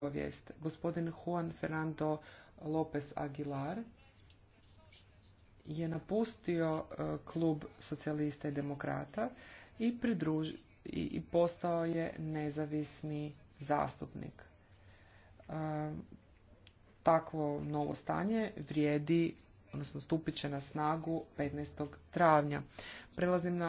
obavijest. Gospodin Juan Fernando López Aguilar je napustio e, klub socijalista i demokrata i, i postao je nezavisni zastupnik. E, takvo novo stanje vrijedi, odnosno stupit će na snagu 15. travnja. Prelazim na